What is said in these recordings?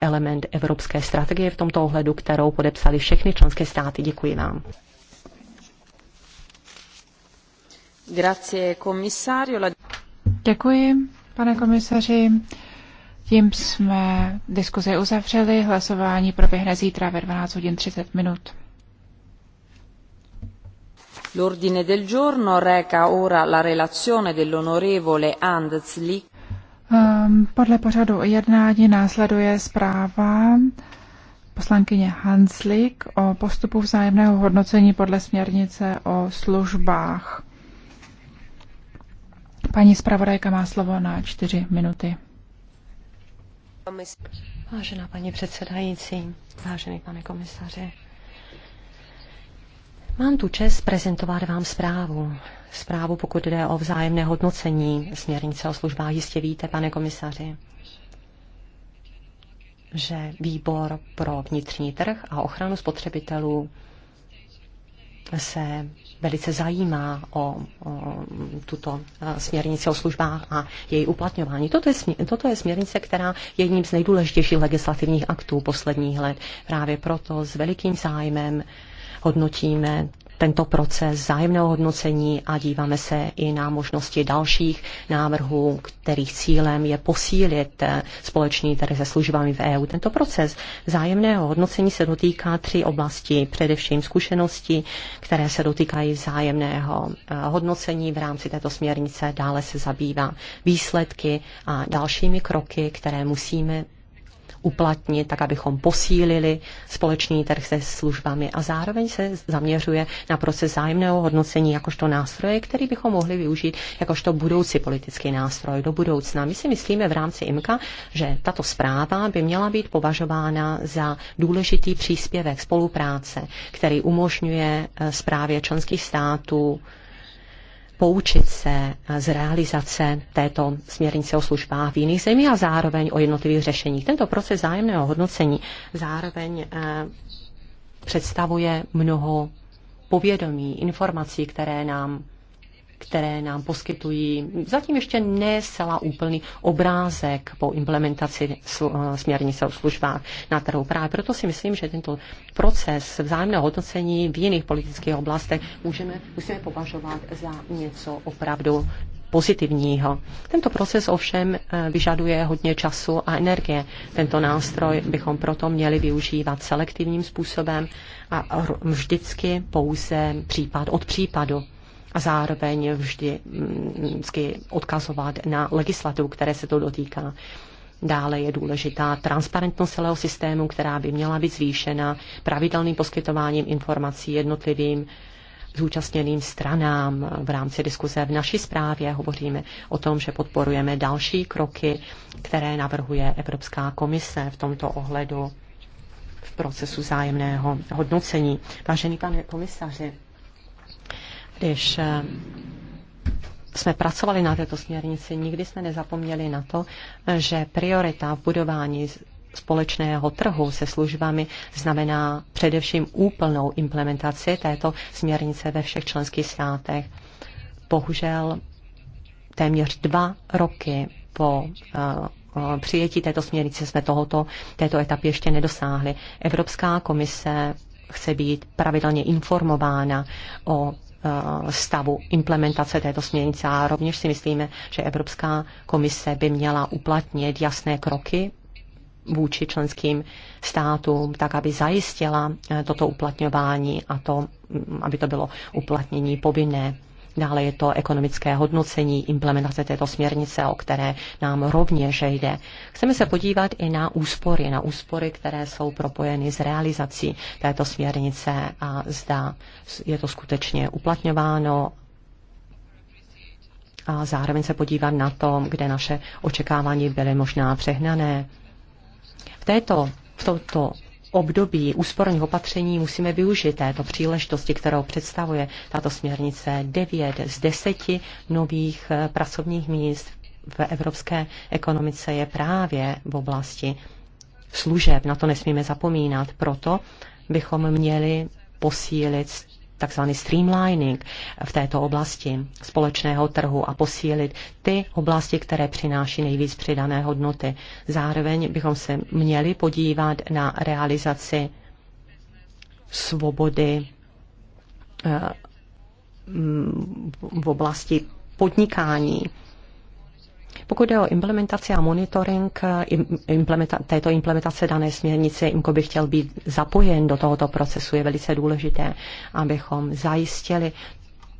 element evropské strategie v tomto ohledu, kterou podepsali všechny členské státy. Děkuji vám. Děkuji, pane komisaři. Tím jsme diskuzi uzavřeli. Hlasování proběhne zítra ve 12 hodin 30 minut. L'ordine del giorno reca ora la relazione dell'onorevole Andzlik. Ehm, podle pořadu jednání následuje zpráva poslankyně Hanslik o postupu vzájemného hodnocení podle směrnice o službách. Paní zpravodajka má slovo na čtyři minuty. Vážená paní předsedající, vážený pane komisaři, Mám tu čest prezentovat vám zprávu. Zprávu, pokud jde o vzájemné hodnocení směrnice o službách, jistě víte, pane komisaři, že výbor pro vnitřní trh a ochranu spotřebitelů se velice zajímá o, o tuto eh, směrnici o službách a její uplatňování. Toto je, toto je směrnice, která je jedním z nejdůležitějších legislativních aktů posledních let. Právě proto s velikým zájmem uh, hodnotíme tento proces zájemného hodnocení a díváme se i na možnosti dalších návrhů, kterých cílem je posílit společný tedy se službami v EU. Tento proces zájemného hodnocení se dotýká tři oblasti, především zkušenosti, které se dotýkají zájemného eh, hodnocení v rámci této směrnice. Dále se zabývá výsledky a dalšími kroky, které musíme uplatnit, tak abychom posílili společný trh se službami a zároveň se zaměřuje na proces zájemného hodnocení jakožto nástroje, který bychom mohli využít jakožto budoucí politický nástroj do budoucna. My si myslíme v rámci IMKA, že tato zpráva by měla být považována za důležitý příspěvek spolupráce, který umožňuje zprávě eh, členských států poučit se z realizace této směrnice o službách v jiných zemích a zároveň o jednotlivých řešeních. Tento proces zájemného hodnocení zároveň eh, představuje mnoho povědomí, informací, které nám které nám poskytují zatím ještě ne úplný obrázek po implementaci eh, směrnice o službách na trhu. Právě proto si myslím, že tento proces vzájemného hodnocení v jiných politických oblastech můžeme, musíme považovat za něco opravdu pozitivního. Tento proces ovšem eh, vyžaduje hodně času a energie. Tento nástroj bychom proto měli využívat selektivním způsobem a vždycky pouze případ od případu a zároveň vždy, mm, vždy odkazovat na legislativu, které se to dotýká. Dále je důležitá transparentnost celého systému, která by měla být zvýšena pravidelným poskytováním informací jednotlivým zúčastněným stranám v rámci diskuze. V naší zprávě hovoříme o tom, že podporujeme další kroky, které navrhuje Evropská komise v tomto ohledu v procesu zájemného hodnocení. Vážený pane komisaři, když eh, jsme pracovali na této směrnici, nikdy jsme nezapomněli na to, že priorita v budování společného trhu se službami znamená především úplnou implementaci této směrnice ve všech členských státech. Bohužel téměř dva roky po eh, eh, přijetí této směrnice jsme tohoto, této etapy ještě nedosáhli. Evropská komise chce být pravidelně informována o Eh, stavu implementace této směrnice a rovněž si myslíme, že Evropská komise by měla uplatnit jasné kroky vůči členským státům, tak aby zajistila eh, toto uplatňování a to, mm, aby to bylo uplatnění povinné. Dále je to ekonomické hodnocení implementace této směrnice, o které nám rovněž jde. Chceme se podívat i na úspory, na úspory, které jsou propojeny s realizací této směrnice a zda je to skutečně uplatňováno a zároveň se podívat na to, kde naše očekávání byly možná přehnané. V této v tomto období úsporných opatření musíme využít této příležitosti, kterou představuje tato směrnice 9 z 10 nových eh, pracovních míst v evropské ekonomice je právě v oblasti služeb. Na to nesmíme zapomínat. Proto bychom měli posílit takzvaný streamlining v této oblasti společného trhu a posílit ty oblasti, které přináší nejvíc přidané hodnoty. Zároveň bychom se měli podívat na realizaci svobody eh, v oblasti podnikání pokud jde o implementaci a monitoring eh, implementa- této implementace dané směrnice, IMCO by chtěl být zapojen do tohoto procesu. Je velice důležité, abychom zajistili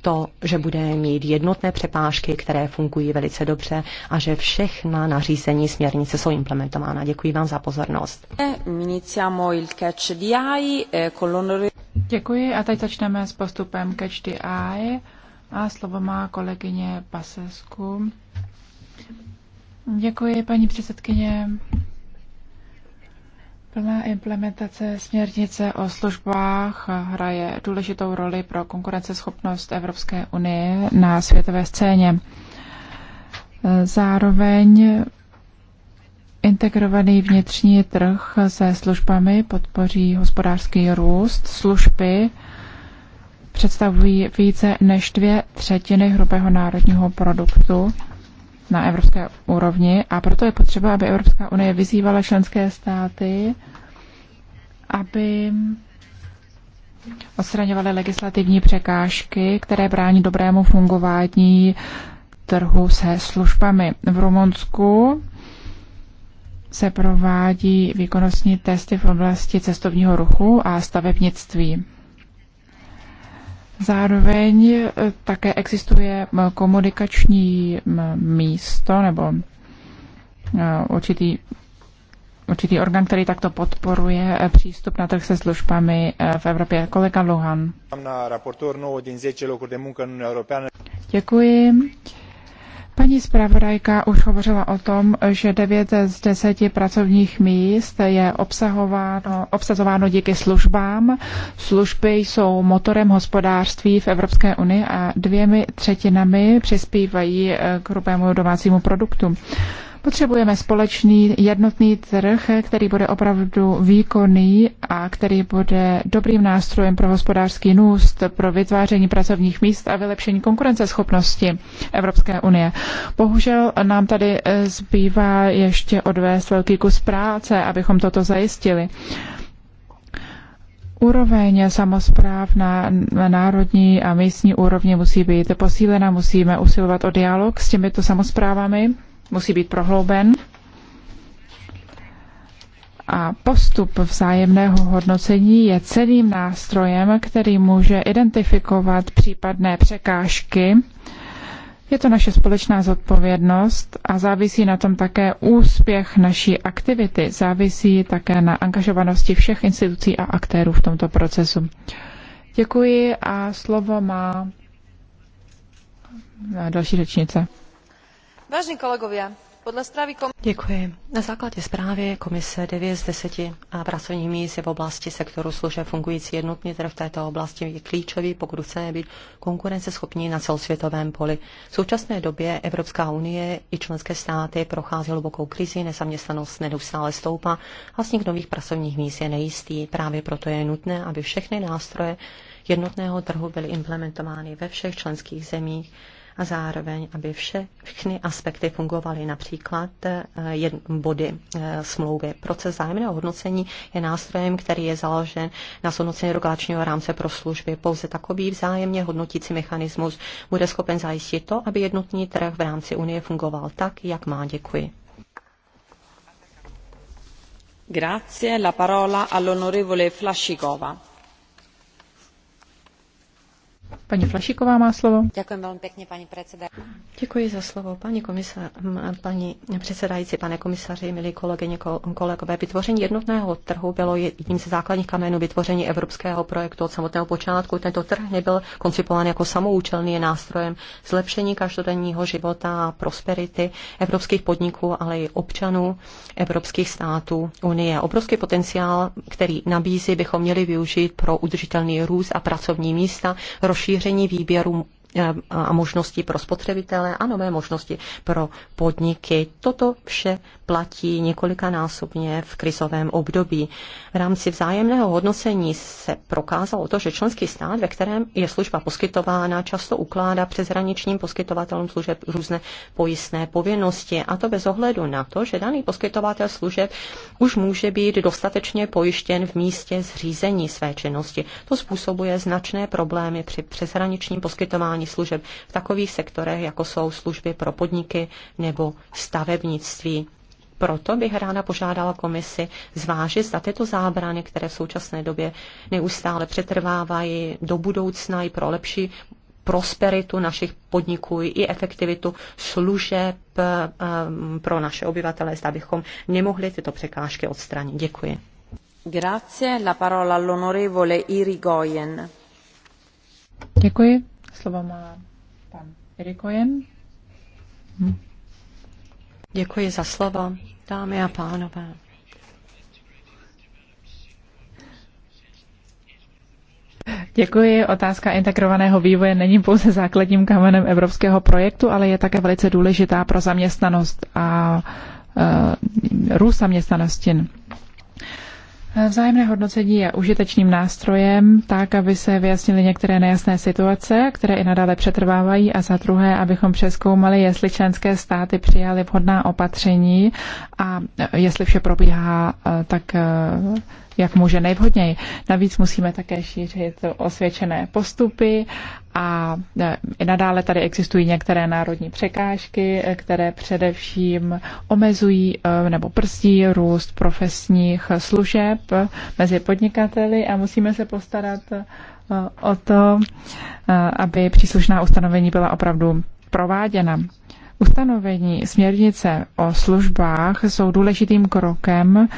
to, že bude mít jednotné přepážky, které fungují velice dobře a že všechna nařízení směrnice jsou implementována. Děkuji vám za pozornost. Eh, Děkuji a teď začneme s postupem Catch the Eye a slovo má kolegyně Pasesku. Děkuji, paní předsedkyně. Plná implementace směrnice o službách hraje důležitou roli pro konkurenceschopnost Evropské unie na světové scéně. Zároveň integrovaný vnitřní trh se službami podpoří hospodářský růst. Služby představují více než dvě třetiny hrubého národního produktu na evropské úrovni a proto je potřeba, aby Evropská unie vyzývala členské státy, aby odstraňovaly legislativní překážky, které brání dobrému fungování trhu se službami. V Rumunsku se provádí výkonnostní testy v oblasti cestovního ruchu a stavebnictví. Zároveň eh, také existuje eh, komunikační mm, místo nebo eh, určitý určitý orgán, který takto podporuje přístup na trh se službami v Evropě. Kolega Luhan. Děkuji. Paní zpravodajka už hovořila o tom, že 9 z 10 pracovních míst je obsahováno, obsazováno díky službám. Služby jsou motorem hospodářství v Evropské unii a dvěmi třetinami přispívají eh, k hrubému domácímu produktu. Potřebujeme společný jednotný trh, který bude opravdu výkonný a který bude dobrým nástrojem pro hospodářský nůst, pro vytváření pracovních míst a vylepšení konkurenceschopnosti Evropské unie. Bohužel nám tady eh, zbývá ještě odvést velký kus práce, abychom toto zajistili. Úroveň samozpráv na národní a místní úrovni musí být posílena, musíme usilovat o dialog s těmito samozprávami musí být prohlouben a postup vzájemného hodnocení je celým nástrojem, který může identifikovat případné překážky. Je to naše společná zodpovědnost a závisí na tom také úspěch naší aktivity. Závisí také na angažovanosti všech institucí a aktérů v tomto procesu. Děkuji a slovo má další řečnice. Vážení kolegovia, podle zprávy komise... Děkuji. Na základě zprávy komise 9 z 10 a pracovních míst je v oblasti sektoru služeb fungující jednotný trh v této oblasti je klíčový, pokud chceme být konkurenceschopní na celosvětovém poli. V současné době Evropská unie i členské státy prochází hlubokou krizi, nezaměstnanost neustále stoupá a vznik nových pracovních míst je nejistý. Právě proto je nutné, aby všechny nástroje jednotného trhu byly implementovány ve všech členských zemích a zároveň, aby vše, všechny aspekty fungovaly, například eh, jed, body eh, smlouvy. Proces zájemného hodnocení je nástrojem, který je založen na hodnocení regulačního rámce pro služby. Pouze takový vzájemně hodnotící mechanismus bude schopen zajistit to, aby jednotný trh v rámci Unie fungoval tak, jak má. Děkuji. Grazie, la parola all'onorevole Flascicova. Paní Flašiková má slovo. Děkuji velmi pěkně, paní předsedající. Děkuji za slovo, paní, komisa, paní předsedající, pane komisaři, milí kolegyně, kolegové. Vytvoření jednotného trhu bylo jedním ze základních kamenů vytvoření evropského projektu od samotného počátku. Tento trh nebyl koncipován jako samoučelný nástrojem zlepšení každodenního života a prosperity evropských podniků, ale i občanů evropských států Unie. Obrovský potenciál, který nabízí, bychom měli využít pro udržitelný růst a pracovní místa, rozšíření rozšíření výběru Eh, a možnosti pro spotřebitele a nové možnosti pro podniky. Toto vše platí několikanásobně v krizovém období. V rámci vzájemného hodnocení se prokázalo to, že členský stát, ve kterém je služba poskytována, často ukládá přeshraničním poskytovatelům služeb různé pojistné povinnosti a to bez ohledu na to, že daný poskytovatel služeb už může být dostatečně pojištěn v místě zřízení své činnosti. To způsobuje značné problémy při přeshraničním poskytování sociálních služeb v takových sektorech, jako jsou služby pro podniky nebo stavebnictví. Proto bych ráda požádala komisi zvážit, zda tyto zábrany, které v současné době neustále přetrvávají do budoucna i pro lepší prosperitu našich podniků i efektivitu služeb ehm, pro naše obyvatele, zda bychom nemohli tyto překážky odstranit. Děkuji. Grazie, la parola all'onorevole Irigoyen. Děkuji. Slovo má pan Irikojen. Hm. Děkuji za slovo, dámy a pánové. Děkuji. Otázka integrovaného vývoje není pouze základním kamenem evropského projektu, ale je také velice důležitá pro zaměstnanost a e, růst zaměstnanosti. Vzájemné hodnocení je užitečným nástrojem, tak, aby se vyjasnily některé nejasné situace, které i nadále přetrvávají, a za druhé, abychom přeskoumali, jestli členské státy přijaly vhodná opatření a jestli vše probíhá eh, tak eh, jak může nejvhodněji. Navíc musíme také šířit osvědčené postupy a e, i nadále tady existují některé národní překážky, e, které především omezují e, nebo prstí růst profesních služeb mezi podnikateli a musíme se postarat o to, aby příslušná ustanovení byla opravdu prováděna. Ustanovení směrnice o službách jsou důležitým krokem eh,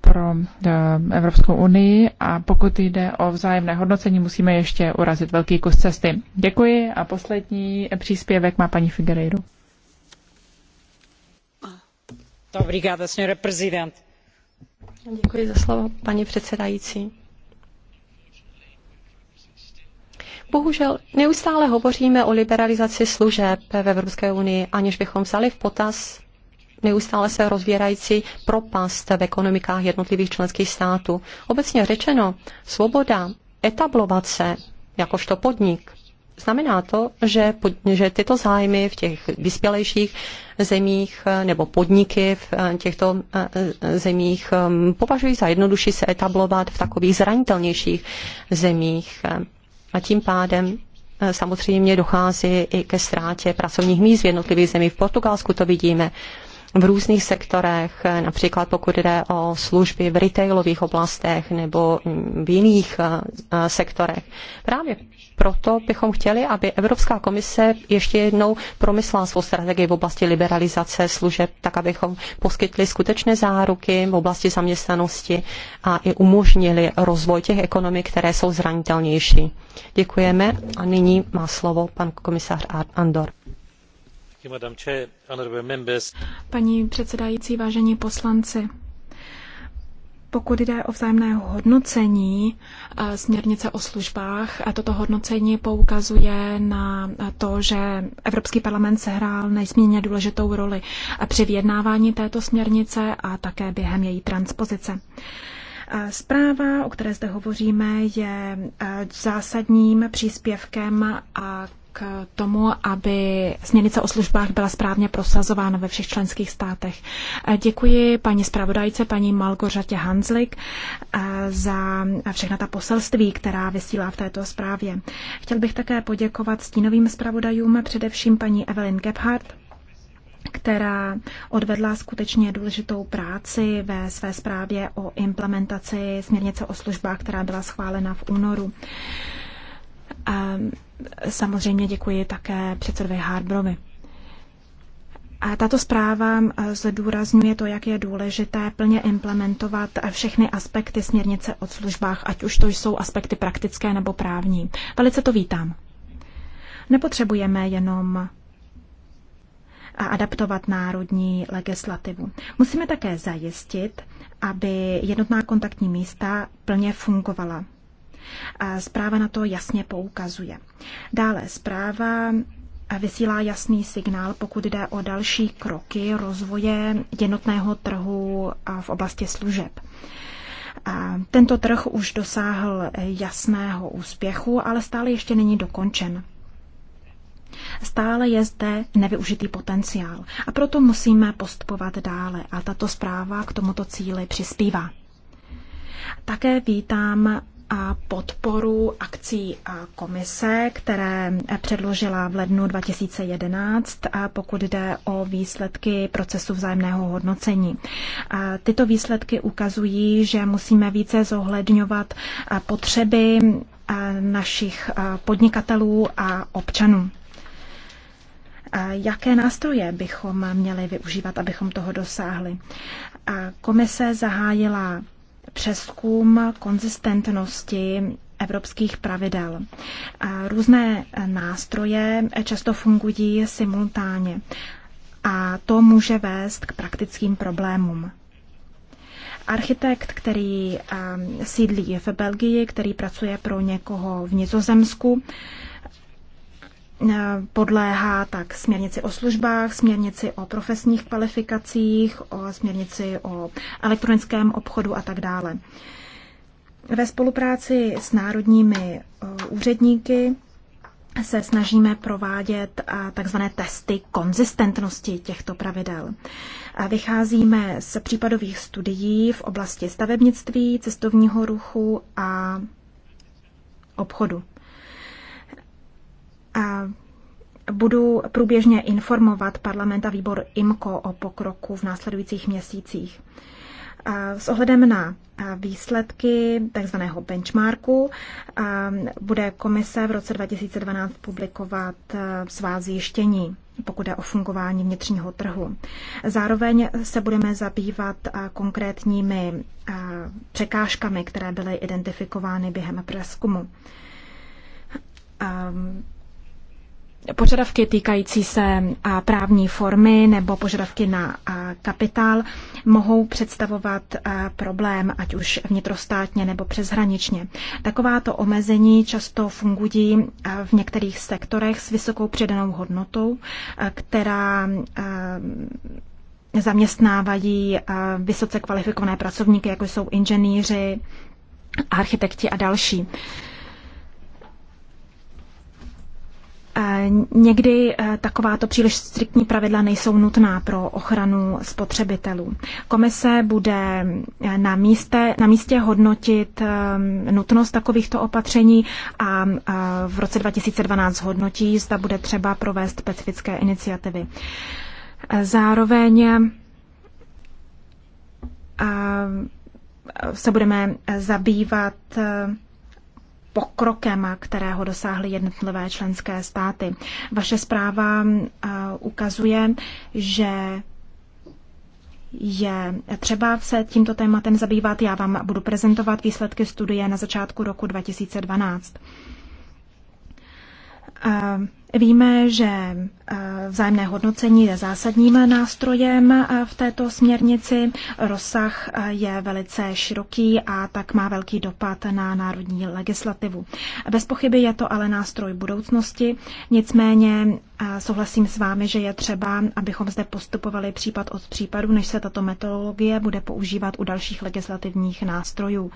pro eh, Evropskou unii a pokud jde o vzájemné hodnocení, musíme ještě urazit velký kus cesty. Děkuji a poslední příspěvek má paní Figueiredo. Děkuji za slovo, paní předsedající Bohužel neustále hovoříme o liberalizaci služeb v Evropské unii, aniž bychom vzali v potaz neustále se rozvírající propast v ekonomikách jednotlivých členských států. Obecně řečeno, svoboda etablovat se jakožto podnik Znamená to, že, že tyto zájmy v těch vyspělejších zemích eh, nebo podniky v eh, těchto eh, zemích považují za jednodušší se etablovat v takových zranitelnějších zemích. A tím pádem eh, samozřejmě dochází i ke ztrátě pracovních míst v jednotlivých zemích. V Portugalsku to vidíme v různých sektorech, například pokud jde o služby v retailových oblastech nebo v jiných eh, sektorech. Právě proto bychom chtěli, aby Evropská komise ještě jednou promyslela svou strategii v oblasti liberalizace služeb, tak abychom poskytli skutečné záruky v oblasti zaměstnanosti a i umožnili rozvoj těch ekonomik, které jsou zranitelnější. Děkujeme a nyní má slovo pan komisař Andor. Paní předsedající, vážení poslanci, pokud jde o vzájemné hodnocení eh, směrnice o službách, toto hodnocení poukazuje na to, že Evropský parlament sehrál nejsmírně důležitou roli při vyjednávání této směrnice a také během její transpozice. Eh, zpráva, o které zde hovoříme, je eh, zásadním příspěvkem a k tomu, aby směrnice o službách byla správně prosazována ve všech členských státech. E, děkuji paní zpravodajce, paní Malgořatě Hanzlik e, za všechna ta poselství, která vysílá v této zprávě. Chtěl bych také poděkovat stínovým zpravodajům, především paní Evelyn Gebhardt, která odvedla skutečně důležitou práci ve své zprávě o implementaci směrnice o službách, která byla schválena v únoru. Um, Samozřejmě děkuji také předsedovi Harbrovi. A tato zpráva eh, zdůrazňuje to, jak je důležité plně implementovat všechny aspekty směrnice o službách, ať už to jsou aspekty praktické nebo právní. Velice to vítám. Nepotřebujeme jenom eh, adaptovat národní legislativu. Musíme také zajistit, aby jednotná kontaktní místa plně fungovala. Zpráva na to jasně poukazuje. Dále zpráva vysílá jasný signál, pokud jde o další kroky rozvoje jednotného trhu v oblasti služeb. Tento trh už dosáhl jasného úspěchu, ale stále ještě není dokončen. Stále je zde nevyužitý potenciál a proto musíme postupovat dále a tato zpráva k tomuto cíli přispívá. Také vítám podporu akcí komise, které předložila v lednu 2011, pokud jde o výsledky procesu vzájemného hodnocení. Tyto výsledky ukazují, že musíme více zohledňovat potřeby našich podnikatelů a občanů. Jaké nástroje bychom měli využívat, abychom toho dosáhli? Komise zahájila přeskum konzistentnosti evropských pravidel. Různé nástroje často fungují simultánně a to může vést k praktickým problémům. Architekt, který um, sídlí v Belgii, který pracuje pro někoho v Nizozemsku, podléhá tak směrnici o službách, směrnici o profesních kvalifikacích, o směrnici o elektronickém obchodu a tak dále. Ve spolupráci s národními eh, úředníky se snažíme provádět eh, takzvané testy konzistentnosti těchto pravidel. Eh, vycházíme z případových studií v oblasti stavebnictví, cestovního ruchu a obchodu budu průběžně informovat parlament a výbor IMCO o pokroku v následujících měsících. S ohledem na výsledky tzv. benchmarku bude komise v roce 2012 publikovat svá zjištění, pokud je o fungování vnitřního trhu. Zároveň se budeme zabývat konkrétními překážkami, které byly identifikovány během preskumu požadavky týkající se právní formy nebo požadavky na kapitál mohou představovat problém, ať už vnitrostátně nebo přeshraničně. Takováto omezení často fungují v některých sektorech s vysokou přidanou hodnotou, která zaměstnávají vysoce kvalifikované pracovníky, jako jsou inženýři, architekti a další. Někdy eh, takováto příliš striktní pravidla nejsou nutná pro ochranu spotřebitelů. Komise bude eh, na, místě, na místě hodnotit ehm, nutnost takovýchto opatření a eh, v roce 2012 hodnotí, zda bude třeba provést specifické iniciativy. Zároveň se budeme zabývat pokrokem, kterého dosáhly jednotlivé členské státy. Vaše zpráva eh, ukazuje, že je třeba se tímto tématem zabývat. Já vám budu prezentovat výsledky studie na začátku roku 2012. Eh, Víme, že eh, vzájemné hodnocení je zásadním nástrojem eh, v této směrnici. Rozsah eh, je velice široký a tak má velký dopad na národní legislativu. Bez pochyby je to ale nástroj budoucnosti, nicméně souhlasím s vámi, že je třeba, abychom zde postupovali případ od případu, než se tato metodologie bude používat u dalších legislativních nástrojů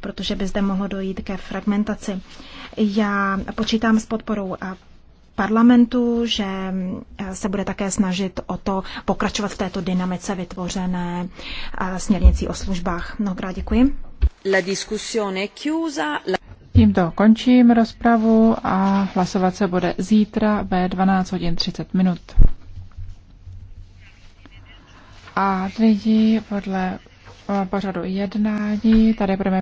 protože by zde mohlo dojít ke fragmentaci. Já počítám s podporou parlamentu, že eh, se bude také snažit o to pokračovat v této dynamice vytvořené eh, směrnicí o službách. Mnohokrát děkuji. La discussione chiusa. La... Tímto končím rozpravu a hlasovat se bude zítra ve 12 hodin 30 minut. A lidi podle eh, pořadu jednání tady budeme